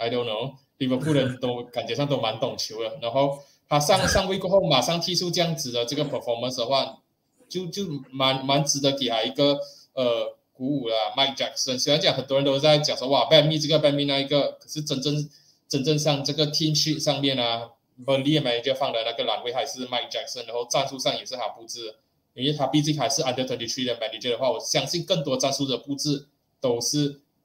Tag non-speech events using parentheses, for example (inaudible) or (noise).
I don't know，利物浦人都 (laughs) 感覺上都蠻懂球的，然後他上上位過後馬上踢出這樣子的這個 performance 的話，就就蠻蠻值得給他一個呃鼓舞啦。Mike Jackson，雖然講很多人都在講說，哇 Ben Mee 這個 Ben Mee 那一個，可是真正真正上這個 team sheet 上面啊，Burnley 的 manager 放的那個欄位，還是 Mike Jackson，然後戰術上也是他布置，因為他畢竟還是 under 23嘅 manager 嘅話，我相信更多戰術的布置都是。